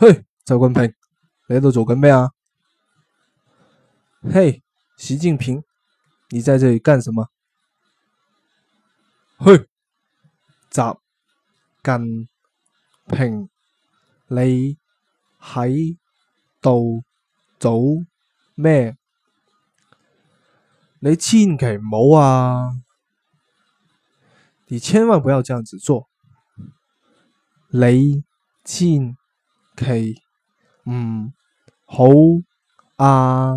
嘿，周君平，你喺度做緊咩啊？嘿，史近平，你在這裏幹什麼？嘿，習近平，你喺度做咩？你千祈唔好啊！你千萬不要這樣子做，你千。其、okay. 唔、嗯、好啊！